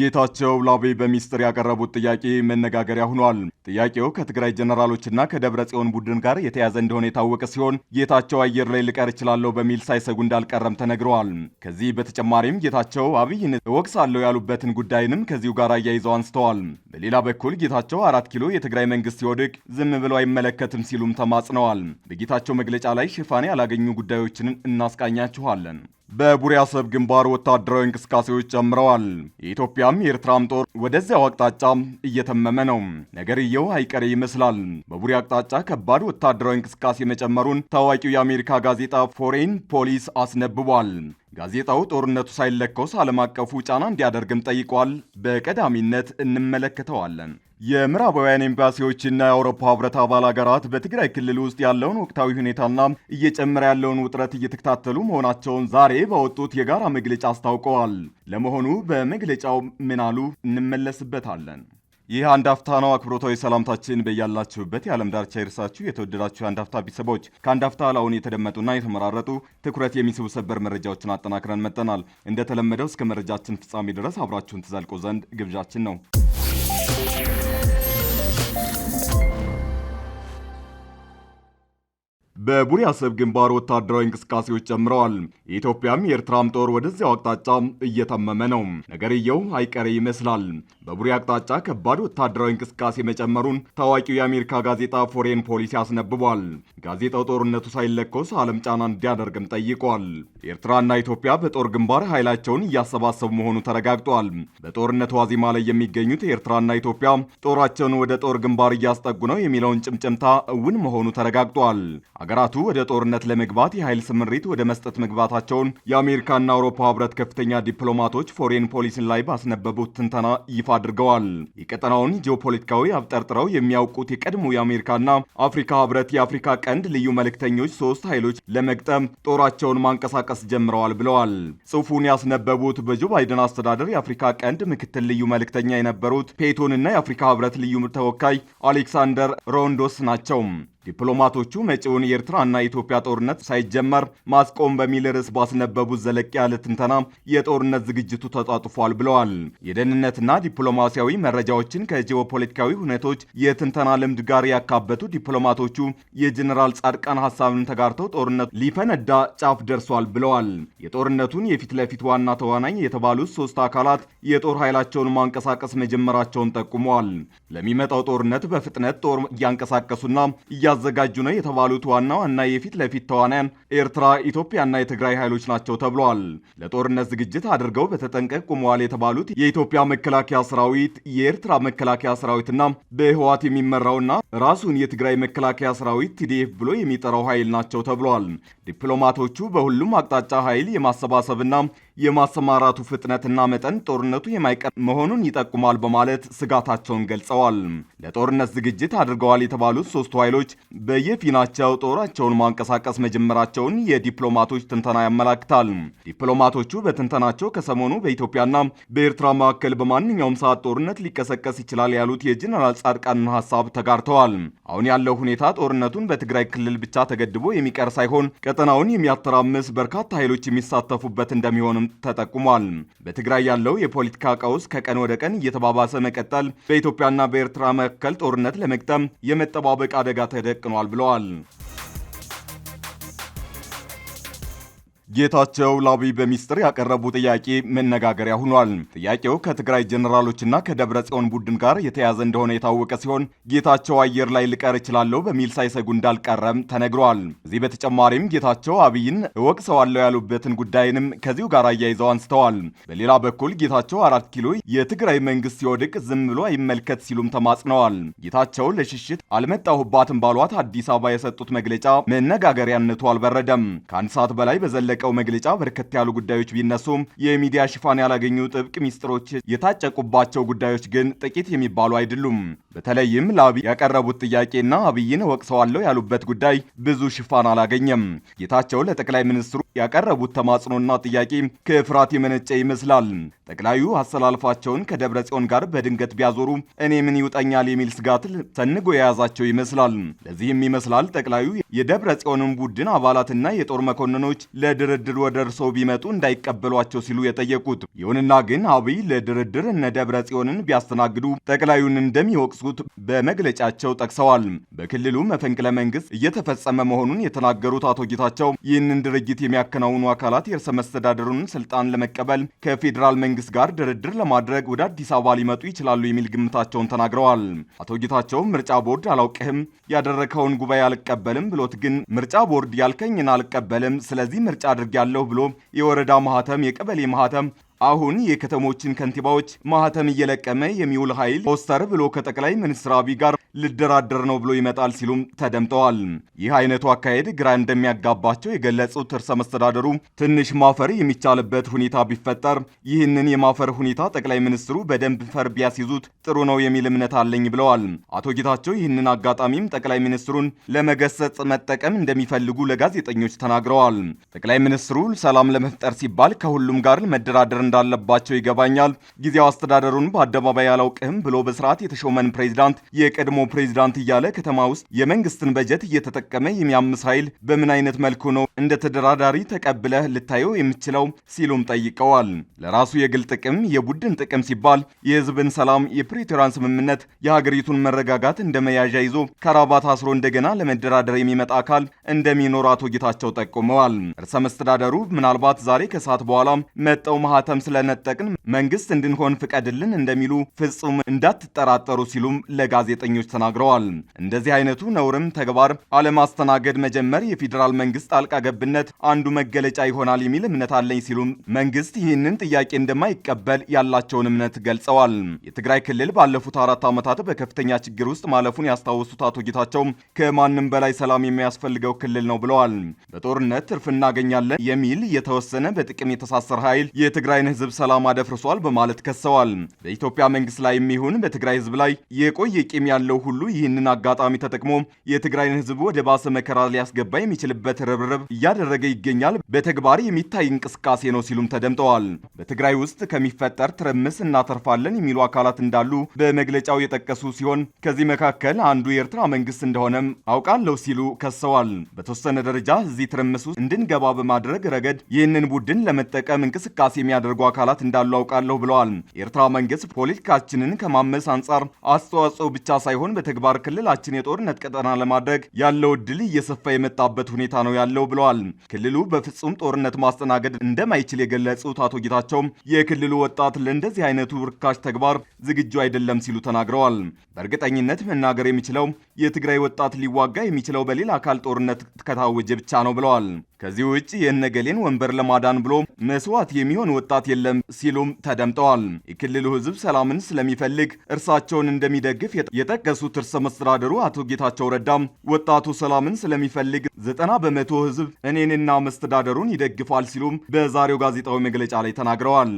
ጌታቸው ለአብይ በሚስጥር ያቀረቡት ጥያቄ መነጋገሪያ ሆኗል። ጥያቄው ከትግራይ ጀነራሎችና ከደብረ ጽዮን ቡድን ጋር የተያዘ እንደሆነ የታወቀ ሲሆን ጌታቸው አየር ላይ ልቀር እችላለሁ በሚል ሳይሰጉ እንዳልቀረም ተነግረዋል። ከዚህ በተጨማሪም ጌታቸው አብይን እወቅሳለሁ ያሉበትን ጉዳይንም ከዚሁ ጋር አያይዘው አንስተዋል። በሌላ በኩል ጌታቸው አራት ኪሎ የትግራይ መንግስት ሲወድቅ ዝም ብለው አይመለከትም ሲሉም ተማጽነዋል። በጌታቸው መግለጫ ላይ ሽፋን ያላገኙ ጉዳዮችን እናስቃኛችኋለን። በቡሬ አሰብ ግንባር ወታደራዊ እንቅስቃሴዎች ጨምረዋል። የኢትዮጵያም የኤርትራም ጦር ወደዚያው አቅጣጫ እየተመመ ነው። ነገርየው አይቀሬ ይመስላል። በቡሬ አቅጣጫ ከባድ ወታደራዊ እንቅስቃሴ መጨመሩን ታዋቂው የአሜሪካ ጋዜጣ ፎሬን ፖሊስ አስነብቧል። ጋዜጣው ጦርነቱ ሳይለኮስ ዓለም አቀፉ ጫና እንዲያደርግም ጠይቋል። በቀዳሚነት እንመለከተዋለን። የምዕራባውያን ኤምባሲዎችና የአውሮፓ ህብረት አባል ሀገራት በትግራይ ክልል ውስጥ ያለውን ወቅታዊ ሁኔታና እየጨመረ ያለውን ውጥረት እየተከታተሉ መሆናቸውን ዛሬ ባወጡት የጋራ መግለጫ አስታውቀዋል። ለመሆኑ በመግለጫው ምን አሉ? እንመለስበታለን። ይህ አንድ ነው። አክብሮታዊ ሰላምታችን በያላችሁበት የዓለም ዳርቻ ይርሳችሁ። የተወደዳችሁ የአንድ አፍታ ቤተሰቦች ከአንድ ላሁን የተደመጡና የተመራረጡ ትኩረት የሚስቡ ሰበር መረጃዎችን አጠናክረን መጠናል። እንደተለመደው እስከ መረጃችን ፍጻሜ ድረስ አብራችሁን ትዘልቆ ዘንድ ግብዣችን ነው። በቡሪ አሰብ ግንባር ወታደራዊ እንቅስቃሴዎች ጀምረዋል። የኢትዮጵያም የኤርትራም ጦር ወደዚያው አቅጣጫ እየተመመ ነው። ነገርየው አይቀሬ ይመስላል። በቡሪ አቅጣጫ ከባድ ወታደራዊ እንቅስቃሴ መጨመሩን ታዋቂው የአሜሪካ ጋዜጣ ፎሬን ፖሊሲ አስነብቧል። ጋዜጣው ጦርነቱ ሳይለኮስ ዓለም ጫና እንዲያደርግም ጠይቋል። ኤርትራና ኢትዮጵያ በጦር ግንባር ኃይላቸውን እያሰባሰቡ መሆኑ ተረጋግጧል። በጦርነቱ ዋዜማ ላይ የሚገኙት ኤርትራና ኢትዮጵያ ጦራቸውን ወደ ጦር ግንባር እያስጠጉ ነው የሚለውን ጭምጭምታ እውን መሆኑ ተረጋግጧል። ሀገራቱ ወደ ጦርነት ለመግባት የኃይል ስምሪት ወደ መስጠት መግባታቸውን የአሜሪካና አውሮፓ ህብረት ከፍተኛ ዲፕሎማቶች ፎሬን ፖሊሲን ላይ ባስነበቡት ትንተና ይፋ አድርገዋል። የቀጠናውን ጂኦፖለቲካዊ አብጠርጥረው የሚያውቁት የቀድሞ የአሜሪካና አፍሪካ ህብረት የአፍሪካ ቀንድ ልዩ መልእክተኞች ሶስት ኃይሎች ለመግጠም ጦራቸውን ማንቀሳቀስ ጀምረዋል ብለዋል። ጽሑፉን ያስነበቡት በጆ ባይደን አስተዳደር የአፍሪካ ቀንድ ምክትል ልዩ መልእክተኛ የነበሩት ፔቶን እና የአፍሪካ ህብረት ልዩ ተወካይ አሌክሳንደር ሮንዶስ ናቸው። ዲፕሎማቶቹ መጪውን የኤርትራና የኢትዮጵያ ጦርነት ሳይጀመር ማስቆም በሚል ርዕስ ባስነበቡት ዘለቅ ያለ ትንተና የጦርነት ዝግጅቱ ተጧጡፏል ብለዋል። የደህንነትና ዲፕሎማሲያዊ መረጃዎችን ከጂኦፖለቲካዊ ሁኔቶች የትንተና ልምድ ጋር ያካበቱ ዲፕሎማቶቹ የጀኔራል ጻድቃን ሀሳብን ተጋርተው ጦርነቱ ሊፈነዳ ጫፍ ደርሷል ብለዋል። የጦርነቱን የፊት ለፊት ዋና ተዋናኝ የተባሉት ሶስት አካላት የጦር ኃይላቸውን ማንቀሳቀስ መጀመራቸውን ጠቁመዋል። ለሚመጣው ጦርነት በፍጥነት ጦር እያንቀሳቀሱና እያ እያዘጋጁ ነው የተባሉት ዋና ዋና የፊት ለፊት ተዋናያን ኤርትራ፣ ኢትዮጵያና የትግራይ ኃይሎች ናቸው ተብሏል። ለጦርነት ዝግጅት አድርገው በተጠንቀቅ ቁመዋል የተባሉት የኢትዮጵያ መከላከያ ሰራዊት፣ የኤርትራ መከላከያ ሰራዊትና በህዋት የሚመራውና ራሱን የትግራይ መከላከያ ሰራዊት ቲዲኤፍ ብሎ የሚጠራው ኃይል ናቸው ተብሏል። ዲፕሎማቶቹ በሁሉም አቅጣጫ ኃይል የማሰባሰብና የማሰማራቱ ፍጥነትና መጠን ጦርነቱ የማይቀር መሆኑን ይጠቁማል በማለት ስጋታቸውን ገልጸዋል። ለጦርነት ዝግጅት አድርገዋል የተባሉት ሶስቱ ኃይሎች በየፊናቸው ጦራቸውን ማንቀሳቀስ መጀመራቸውን የዲፕሎማቶች ትንተና ያመላክታል። ዲፕሎማቶቹ በትንተናቸው ከሰሞኑ በኢትዮጵያና በኤርትራ መካከል በማንኛውም ሰዓት ጦርነት ሊቀሰቀስ ይችላል ያሉት የጀነራል ጻድቃንን ሀሳብ ተጋርተዋል። አሁን ያለው ሁኔታ ጦርነቱን በትግራይ ክልል ብቻ ተገድቦ የሚቀር ሳይሆን ቀጠናውን የሚያተራምስ በርካታ ኃይሎች የሚሳተፉበት እንደሚሆንም ተጠቁሟል። በትግራይ ያለው የፖለቲካ ቀውስ ከቀን ወደ ቀን እየተባባሰ መቀጠል በኢትዮጵያና በኤርትራ መካከል ጦርነት ለመግጠም የመጠባበቅ አደጋ ተደቅኗል ብለዋል። ጌታቸው ለአብይ በሚስጥር ያቀረቡ ጥያቄ መነጋገሪያ ሆኗል። ጥያቄው ከትግራይ ጀኔራሎችና ከደብረ ጽዮን ቡድን ጋር የተያዘ እንደሆነ የታወቀ ሲሆን ጌታቸው አየር ላይ ልቀር እችላለሁ በሚል ሳይሰጉ እንዳልቀረም ተነግሯል። እዚህ በተጨማሪም ጌታቸው አብይን ሰዋለው ያሉበትን ጉዳይንም ከዚሁ ጋር አያይዘው አንስተዋል። በሌላ በኩል ጌታቸው አራት ኪሎ የትግራይ መንግስት ሲወድቅ ዝም ብሎ አይመልከት ሲሉም ተማጽነዋል። ጌታቸው ለሽሽት አልመጣሁባትም ባሏት አዲስ አበባ የሰጡት መግለጫ መነጋገሪያነቱ አልበረደም። ከአንድ ሰዓት በላይ በዘለቀ በተለቀቀው መግለጫ በርከት ያሉ ጉዳዮች ቢነሱም የሚዲያ ሽፋን ያላገኙ ጥብቅ ሚስጥሮች የታጨቁባቸው ጉዳዮች ግን ጥቂት የሚባሉ አይደሉም። በተለይም ለአብይ ያቀረቡት ጥያቄና አብይን ወቅሰዋለሁ ያሉበት ጉዳይ ብዙ ሽፋን አላገኘም። ጌታቸው ለጠቅላይ ሚኒስትሩ ያቀረቡት ተማጽኖና ጥያቄ ከፍርሃት የመነጨ ይመስላል። ጠቅላዩ አሰላልፋቸውን ከደብረ ጽዮን ጋር በድንገት ቢያዞሩ እኔ ምን ይውጠኛል የሚል ስጋት ሰንጎ የያዛቸው ይመስላል። ለዚህም ይመስላል ጠቅላዩ የደብረ ጽዮንን ቡድን አባላትና የጦር መኮንኖች ለድር ለድርድር ወደ እርስዎ ቢመጡ እንዳይቀበሏቸው ሲሉ የጠየቁት። ይሁንና ግን አብይ ለድርድር እነ ደብረ ጽዮንን ቢያስተናግዱ ጠቅላዩን እንደሚወቅሱት በመግለጫቸው ጠቅሰዋል። በክልሉ መፈንቅለ መንግስት እየተፈጸመ መሆኑን የተናገሩት አቶ ጌታቸው ይህንን ድርጊት የሚያከናውኑ አካላት የእርሰ መስተዳደሩን ስልጣን ለመቀበል ከፌዴራል መንግስት ጋር ድርድር ለማድረግ ወደ አዲስ አበባ ሊመጡ ይችላሉ የሚል ግምታቸውን ተናግረዋል። አቶ ጌታቸው ምርጫ ቦርድ አላውቅህም ያደረከውን ጉባኤ አልቀበልም ብሎት ግን ምርጫ ቦርድ ያልከኝን አልቀበልም ስለዚህ ምርጫ አድርጌያለሁ ብሎ የወረዳ ማህተም፣ የቀበሌ ማህተም አሁን የከተሞችን ከንቲባዎች ማህተም እየለቀመ የሚውል ኃይል ፖስተር ብሎ ከጠቅላይ ሚኒስትር አብይ ጋር ልደራደር ነው ብሎ ይመጣል ሲሉም ተደምጠዋል። ይህ አይነቱ አካሄድ ግራ እንደሚያጋባቸው የገለጹት እርሰ መስተዳደሩ ትንሽ ማፈር የሚቻልበት ሁኔታ ቢፈጠር ይህንን የማፈር ሁኔታ ጠቅላይ ሚኒስትሩ በደንብ ፈር ቢያስይዙት ጥሩ ነው የሚል እምነት አለኝ ብለዋል። አቶ ጌታቸው ይህንን አጋጣሚም ጠቅላይ ሚኒስትሩን ለመገሰጽ መጠቀም እንደሚፈልጉ ለጋዜጠኞች ተናግረዋል። ጠቅላይ ሚኒስትሩ ሰላም ለመፍጠር ሲባል ከሁሉም ጋር መደራደር እንዳለባቸው ይገባኛል። ጊዜያዊ አስተዳደሩን በአደባባይ አላውቅህም ብሎ በስርዓት የተሾመን ፕሬዚዳንት የቀድሞ ፕሬዚዳንት እያለ ከተማ ውስጥ የመንግስትን በጀት እየተጠቀመ የሚያምስ ኃይል በምን አይነት መልኩ ነው እንደ ተደራዳሪ ተቀብለህ ልታየው የምትችለው ሲሉም ጠይቀዋል። ለራሱ የግል ጥቅም፣ የቡድን ጥቅም ሲባል የህዝብን ሰላም፣ የፕሪቶሪያን ስምምነት፣ የሀገሪቱን መረጋጋት እንደ መያዣ ይዞ ከራባት አስሮ እንደገና ለመደራደር የሚመጣ አካል እንደሚኖር አቶ ጌታቸው ጠቁመዋል። ርዕሰ መስተዳደሩ ምናልባት ዛሬ ከሰዓት በኋላ መጠው ማህተም ስለነጠቅን መንግስት እንድንሆን ፍቀድልን እንደሚሉ ፍጹም እንዳትጠራጠሩ ሲሉም ለጋዜጠኞች ተናግረዋል። እንደዚህ አይነቱ ነውርም ተግባር አለማስተናገድ መጀመር የፌዴራል መንግስት ጣልቃ ገብነት አንዱ መገለጫ ይሆናል የሚል እምነት አለኝ ሲሉም መንግስት ይህንን ጥያቄ እንደማይቀበል ያላቸውን እምነት ገልጸዋል። የትግራይ ክልል ባለፉት አራት ዓመታት በከፍተኛ ችግር ውስጥ ማለፉን ያስታወሱት አቶ ጌታቸው ከማንም በላይ ሰላም የሚያስፈልገው ክልል ነው ብለዋል። በጦርነት ትርፍ እናገኛለን የሚል የተወሰነ በጥቅም የተሳሰረ ኃይል የትግራይን ህዝብ ሰላም አደፍርሷል በማለት ከሰዋል። በኢትዮጵያ መንግስት ላይ የሚሆን በትግራይ ህዝብ ላይ የቆየ ቂም ያለው ሁሉ ይህንን አጋጣሚ ተጠቅሞ የትግራይን ህዝብ ወደ ባሰ መከራ ሊያስገባ የሚችልበት ርብርብ እያደረገ ይገኛል። በተግባር የሚታይ እንቅስቃሴ ነው ሲሉም ተደምጠዋል። በትግራይ ውስጥ ከሚፈጠር ትርምስ እናተርፋለን የሚሉ አካላት እንዳሉ በመግለጫው የጠቀሱ ሲሆን ከዚህ መካከል አንዱ የኤርትራ መንግስት እንደሆነም አውቃለሁ ሲሉ ከሰዋል። በተወሰነ ደረጃ እዚህ ትርምስ ውስጥ እንድንገባ በማድረግ ረገድ ይህንን ቡድን ለመጠቀም እንቅስቃሴ የሚያደርጉ የሚያደርጉ አካላት እንዳሉ አውቃለሁ ብለዋል። የኤርትራ መንግስት ፖለቲካችንን ከማመስ አንጻር አስተዋጽኦ ብቻ ሳይሆን በተግባር ክልላችን የጦርነት ቀጠና ለማድረግ ያለው እድል እየሰፋ የመጣበት ሁኔታ ነው ያለው ብለዋል። ክልሉ በፍጹም ጦርነት ማስተናገድ እንደማይችል የገለጹት አቶ ጌታቸው የክልሉ ወጣት ለእንደዚህ አይነቱ ርካሽ ተግባር ዝግጁ አይደለም ሲሉ ተናግረዋል። በእርግጠኝነት መናገር የሚችለው የትግራይ ወጣት ሊዋጋ የሚችለው በሌላ አካል ጦርነት ከታወጀ ብቻ ነው ብለዋል። ከዚህ ውጭ የነገሌን ወንበር ለማዳን ብሎ መስዋዕት የሚሆን ወጣት የለም ሲሉም ተደምጠዋል። የክልሉ ህዝብ ሰላምን ስለሚፈልግ እርሳቸውን እንደሚደግፍ የጠቀሱት እርሰ መስተዳደሩ አቶ ጌታቸው ረዳም ወጣቱ ሰላምን ስለሚፈልግ ዘጠና በመቶ ህዝብ እኔንና መስተዳደሩን ይደግፋል ሲሉም በዛሬው ጋዜጣዊ መግለጫ ላይ ተናግረዋል።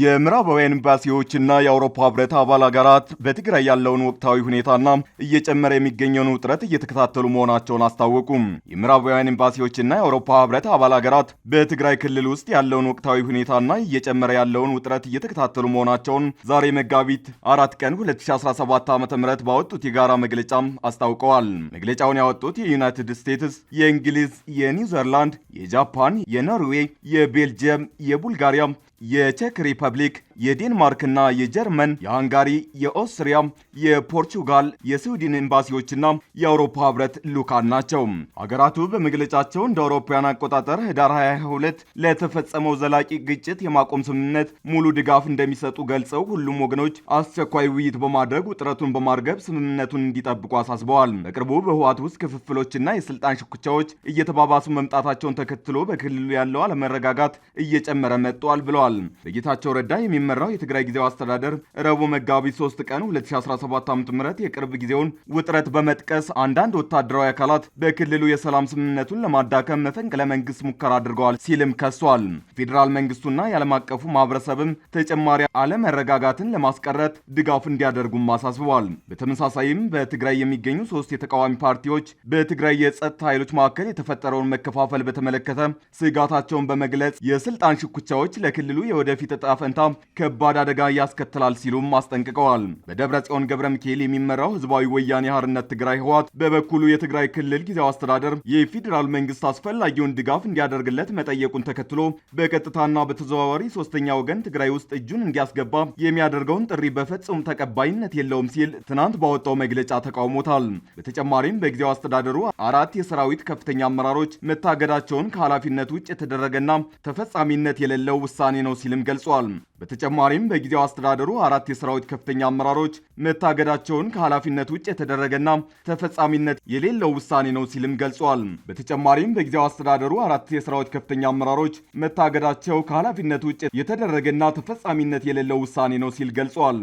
የምዕራባውያን ኤምባሲዎችና የአውሮፓ ህብረት አባል አገራት በትግራይ ያለውን ወቅታዊ ሁኔታና እየጨመረ የሚገኘውን ውጥረት እየተከታተሉ መሆናቸውን አስታወቁም። የምዕራባውያን ኤምባሲዎችና የአውሮፓ ህብረት አባል አገራት በትግራይ ክልል ውስጥ ያለውን ወቅታዊ ሁኔታና እየጨመረ ያለውን ውጥረት እየተከታተሉ መሆናቸውን ዛሬ መጋቢት አራት ቀን 2017 ዓ ም ባወጡት የጋራ መግለጫ አስታውቀዋል። መግለጫውን ያወጡት የዩናይትድ ስቴትስ፣ የእንግሊዝ፣ የኒውዘርላንድ፣ የጃፓን፣ የኖርዌይ፣ የቤልጅየም፣ የቡልጋሪያ የቼክ ሪፐብሊክ የዴንማርክና የጀርመን፣ የሃንጋሪ፣ የኦስትሪያ፣ የፖርቹጋል፣ የስዊድን ኤምባሲዎችና የአውሮፓ ህብረት ልዑካን ናቸው። ሀገራቱ በመግለጫቸው እንደ አውሮፓውያን አቆጣጠር ህዳር 22 ለተፈጸመው ዘላቂ ግጭት የማቆም ስምምነት ሙሉ ድጋፍ እንደሚሰጡ ገልጸው ሁሉም ወገኖች አስቸኳይ ውይይት በማድረግ ውጥረቱን በማርገብ ስምምነቱን እንዲጠብቁ አሳስበዋል። በቅርቡ በህወሓት ውስጥ ክፍፍሎችና የስልጣን ሽኩቻዎች እየተባባሱ መምጣታቸውን ተከትሎ በክልሉ ያለው አለመረጋጋት እየጨመረ መጥቷል ብለዋል። በጌታቸው ረዳ የሚ የሚመራው የትግራይ ጊዜው አስተዳደር ረቡዕ መጋቢት 3 ቀን 2017 ዓ ም የቅርብ ጊዜውን ውጥረት በመጥቀስ አንዳንድ ወታደራዊ አካላት በክልሉ የሰላም ስምምነቱን ለማዳከም መፈንቅለ መንግስት ሙከራ አድርገዋል ሲልም ከሷል። ፌዴራል መንግስቱና የዓለም አቀፉ ማህበረሰብም ተጨማሪ አለመረጋጋትን ለማስቀረት ድጋፍ እንዲያደርጉም አሳስበዋል። በተመሳሳይም በትግራይ የሚገኙ ሶስት የተቃዋሚ ፓርቲዎች በትግራይ የጸጥታ ኃይሎች መካከል የተፈጠረውን መከፋፈል በተመለከተ ስጋታቸውን በመግለጽ የስልጣን ሽኩቻዎች ለክልሉ የወደፊት እጣ ፈንታ ከባድ አደጋ ያስከትላል ሲሉም አስጠንቅቀዋል። በደብረ ጽዮን ገብረ ሚካኤል የሚመራው ህዝባዊ ወያኔ ሀርነት ትግራይ ህወሓት በበኩሉ የትግራይ ክልል ጊዜያዊ አስተዳደር የፌዴራል መንግስት አስፈላጊውን ድጋፍ እንዲያደርግለት መጠየቁን ተከትሎ በቀጥታና በተዘዋዋሪ ሶስተኛ ወገን ትግራይ ውስጥ እጁን እንዲያስገባ የሚያደርገውን ጥሪ በፍጹም ተቀባይነት የለውም ሲል ትናንት ባወጣው መግለጫ ተቃውሞታል። በተጨማሪም በጊዜያዊ አስተዳደሩ አራት የሰራዊት ከፍተኛ አመራሮች መታገዳቸውን ከኃላፊነት ውጭ የተደረገና ተፈጻሚነት የሌለው ውሳኔ ነው ሲልም ገልጿል። በተጨማሪም በጊዜው አስተዳደሩ አራት የሰራዊት ከፍተኛ አመራሮች መታገዳቸውን ከኃላፊነት ውጭ የተደረገና ተፈጻሚነት የሌለው ውሳኔ ነው ሲልም ገልጿል። በተጨማሪም በጊዜው አስተዳደሩ አራት የሰራዊት ከፍተኛ አመራሮች መታገዳቸው ከኃላፊነት ውጭ የተደረገና ተፈጻሚነት የሌለው ውሳኔ ነው ሲል ገልጿል።